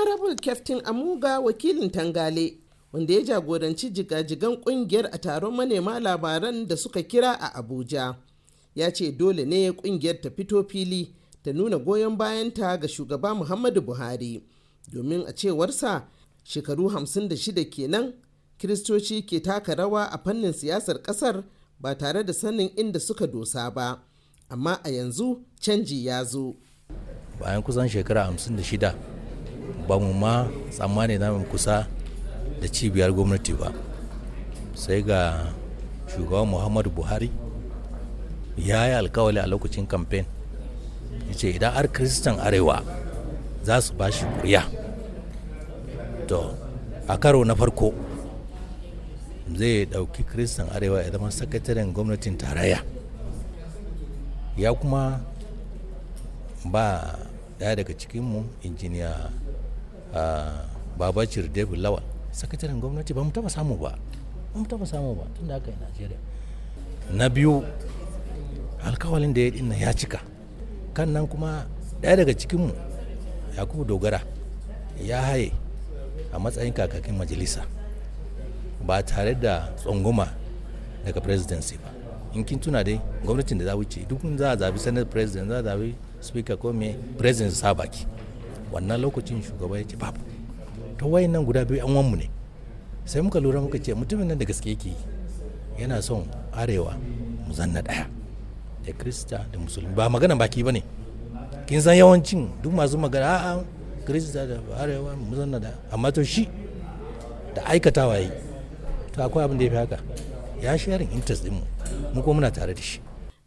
honorable captain amuga wakilin tangale wanda ya jagoranci jigajigan kungiyar a taron manema labaran da suka kira a abuja ya ce dole ne kungiyar ta fito fili ta nuna goyon bayanta ga shugaba muhammadu buhari domin a cewarsa shekaru 56 kenan kiristoci ke taka rawa a fannin siyasar kasar ba tare da sanin inda suka dosa ba amma a yanzu canji ya zo bayan kusan shekara 56 ba mu ma tsammani na kusa da cibiyar gwamnati ba sai ga shugaban muhammadu buhari ya yi alkawali a lokacin kamfen ya ce idan har kristan arewa za su ba shi kuriya to a karo na farko zai dauki kristan arewa ya zama sakataren gwamnatin tarayya ya kuma ba daya daga cikinmu injiniya Ah, babacir david lawal sakataren gwamnati ba mu taba samu ba ba mu taba samu ba tun da aka yi najeriya na biyu alkawalin da ya dinna ya cika kan nan kuma ɗaya daga cikinmu yakubu dogara ya haye a matsayin kakakin majalisa ba tare da tsunguma daga presidency ba in kin tuna dai gwamnatin da za wuce duk za a zabi senate president za a zabi speaker ko me president sa baki wannan lokacin shugaba ya ce babu to wayan nan guda biyu an wanmu ne sai muka lura muka ce mutumin nan da gaske yake yana son arewa mu zanna daya da krista da musulmi ba magana baki ba ne kin san yawancin duk masu magana a'a krista da arewa mu zanna daya amma to shi da aikatawa yi to akwai abin da ya fi haka ya sharing interest din mu mu ko muna tare da shi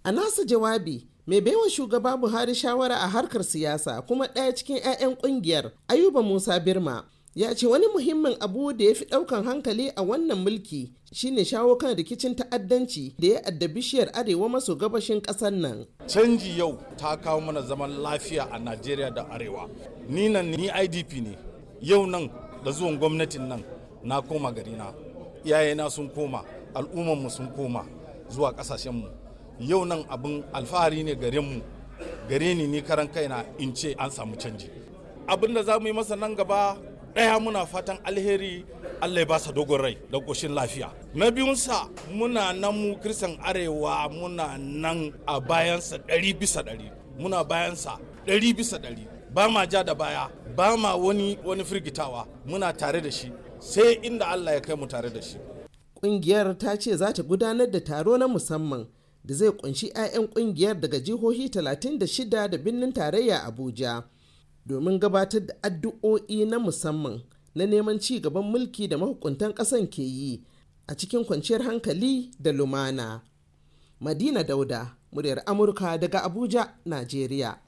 a nasa jawabi mai baiwa shugaba buhari shawara a harkar siyasa kuma ɗaya cikin 'ya'yan ƙungiyar ayuba musa birma ya ce wani muhimmin abu da ya fi ɗaukan hankali a wannan mulki shine shawo kan rikicin ta'addanci da ya adda bishiyar arewa maso gabashin ƙasar nan canji yau ta kawo mana zaman lafiya a najeriya da arewa ni nan ni idp ne yau nan da zuwan gwamnatin nan na koma garina iyayena sun koma al'ummarmu sun koma zuwa mu. yau nan abin alfahari ne gare mu gare ni ni karan kaina in ce an samu canji abin da za mu yi masa nan gaba ɗaya muna fatan alheri allah ya ba sa dogon rai da ƙoshin lafiya na biyunsa muna nan mu kristan arewa muna nan a bayansa ɗari bisa ɗari muna bayansa ɗari bisa ɗari ba ma ja da baya ba ma wani wani firgitawa muna tare da shi sai inda allah ya kai mu tare da shi ƙungiyar ta ce za ta gudanar da taro na musamman da zai kunshi 'ya'yan kungiyar daga jihohi 36 da birnin tarayya abuja domin gabatar da addu'o'i na musamman na neman ci gaban mulki da mahukuntan ƙasan ke yi a cikin kwanciyar hankali da lumana madina dauda muryar amurka daga abuja najeriya